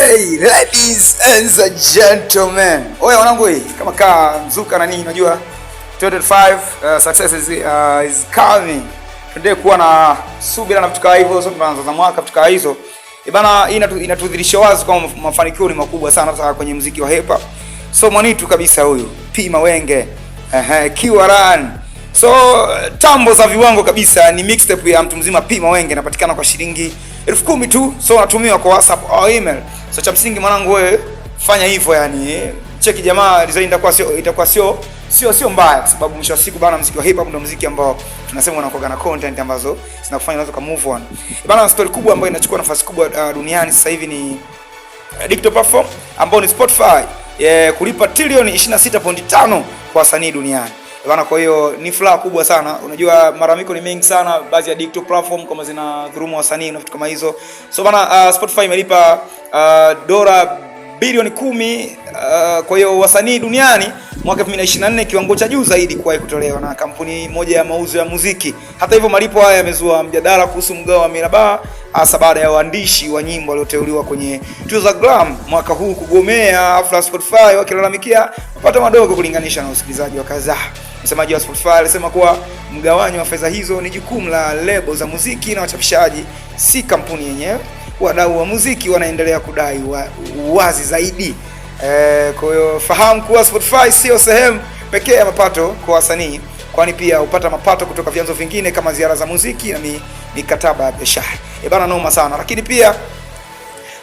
Hey, ladies and the gentlemen. Oya wanangu hii kama ka mzuka na nini unajua 25 uh, success is, uh, is coming. Tuendelee kuwa na subira na vitu kama hivyo, sio tunaanza za mwaka vitu kama hizo. E bana, hii inatudhihirisha wazi kwamba mafanikio ni makubwa sana hasa kwenye muziki wa hip hop. So mwanitu kabisa huyu P Mawenge. Eh, Kiwaran. So tambo za viwango kabisa ni mixtape ya mtu mzima P Mawenge inapatikana kwa shilingi elfu kumi tu, so unatumiwa kwa WhatsApp au oh, email. So cha msingi mwanangu, wewe fanya hivyo, yani cheki jamaa design itakuwa sio itakuwa sio sio sio mbaya, kwa sababu mwisho wa siku bana, muziki wa hip hop ndio muziki ambao tunasema unakuwa na content ambazo zinakufanya unaweza ka move on e bana. Story kubwa ambayo inachukua nafasi kubwa uh, duniani sasa hivi ni uh, digital platform ambao ni Spotify yeah, kulipa trilioni 26.5 kwa wasanii duniani bana. kwa hiyo ni furaha kubwa sana. Unajua maramiko ni mengi sana, baadhi ya digital platform kama zina dhuruma wasanii na vitu kama hizo. So bana, uh, Spotify imelipa uh, dola bilioni kumi uh, kwa hiyo wasanii duniani mwaka 2024 kiwango cha juu zaidi kuwahi kutolewa na kampuni moja ya mauzo ya muziki. Hata hivyo, malipo haya yamezua mjadala kuhusu mgao wa mirabaha, hasa baada ya waandishi wa nyimbo walioteuliwa kwenye tuzo za Glam mwaka huu kugomea hafla Spotify, wakilalamikia mapato madogo kulinganisha na usikilizaji wa kazi Msemaji wa Spotify alisema kuwa mgawanyo wa fedha hizo ni jukumu la lebo za muziki na wachapishaji, si kampuni yenyewe. Wadau wa muziki wanaendelea kudai uwazi zaidi. E, kwa hiyo fahamu kuwa Spotify sio sehemu pekee ya mapato kwa wasanii, kwani pia hupata mapato kutoka vyanzo vingine kama ziara za muziki na mikataba ya biashara. E bana, noma sana, lakini pia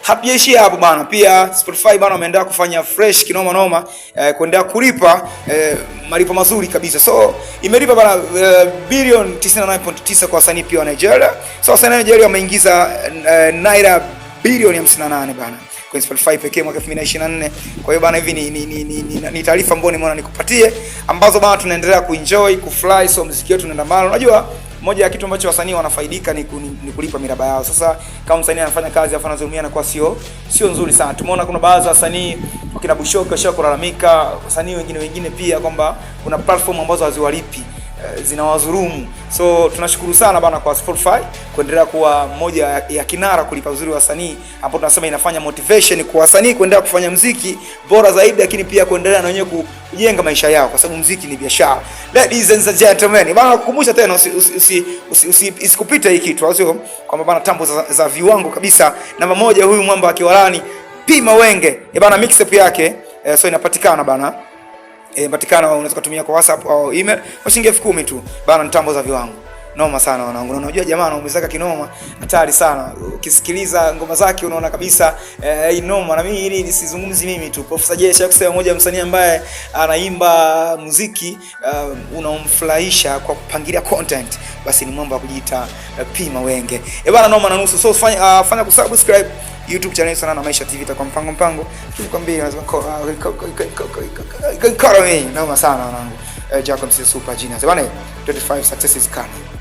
hatujaishia hapo bana. Pia Spotify bana wameendelea kufanya fresh kinoma noma eh, kuendelea kulipa eh, malipo mazuri kabisa. So imelipa bana eh, bilioni 99.9 kwa wasanii pia wa Nigeria. So wasanii wa Nigeria wameingiza eh, naira bilioni 58 bana kwenye Spotify pekee mwaka 2024. Kwa hiyo bana, hivi ni ni, ni, ni, ni taarifa ambayo nimeona nikupatie ambazo bana tunaendelea kuenjoy, kufly, so muziki wetu unaenda mbali. Unajua moja ya kitu ambacho wasanii wanafaidika ni, ni, ni kulipa miraba yao. Sasa kama msanii anafanya kazi afa anazurumia na kwa sio sio nzuri sana. Tumeona kuna baadhi ya wasanii wakina Bushoke washa kulalamika, wasanii wengine wengine pia kwamba kuna platform ambazo haziwalipi Eh, zinawadhulumu. So tunashukuru sana bana kwa Spotify kuendelea kuwa moja ya kinara kulipa vizuri wasanii, ambao tunasema inafanya motivation kwa wasanii kuendelea kufanya mziki bora zaidi, lakini pia kuendelea na wenyewe kujenga maisha yao, kwa sababu mziki ni biashara. Ladies and gentlemen, bana kukumbusha tena usikupita hii kitu, sio kwamba bana tambo za, za viwango kabisa. Namba moja huyu mwamba wa Kiwalani P Mawenge eh, bana, mixtape yake eh, so inapatikana bana inapatikana, e, unaweza kutumia kwa WhatsApp au email kwa shilingi 10,000 kumi tu bana, ni tambo za viwango noma sana wanangu, na unajua jamaa anaumizaka kinoma, hatari sana. Ukisikiliza ngoma zake unaona kabisa eh, noma. Na mimi hili nisizungumzi mimi tu, Prof Jay kusema moja msanii ambaye anaimba muziki uh, unaomfurahisha kwa kupangilia content, basi ni ya kujiita uh, pima wenge eh bana, noma na nusu. So fanya, uh, fanya kusubscribe YouTube channel sana na Maisha TV itakuwa mpango mpango, tukwambie kwa kwa kwa kwa kwa kwa kwa kwa kwa kwa kwa coming.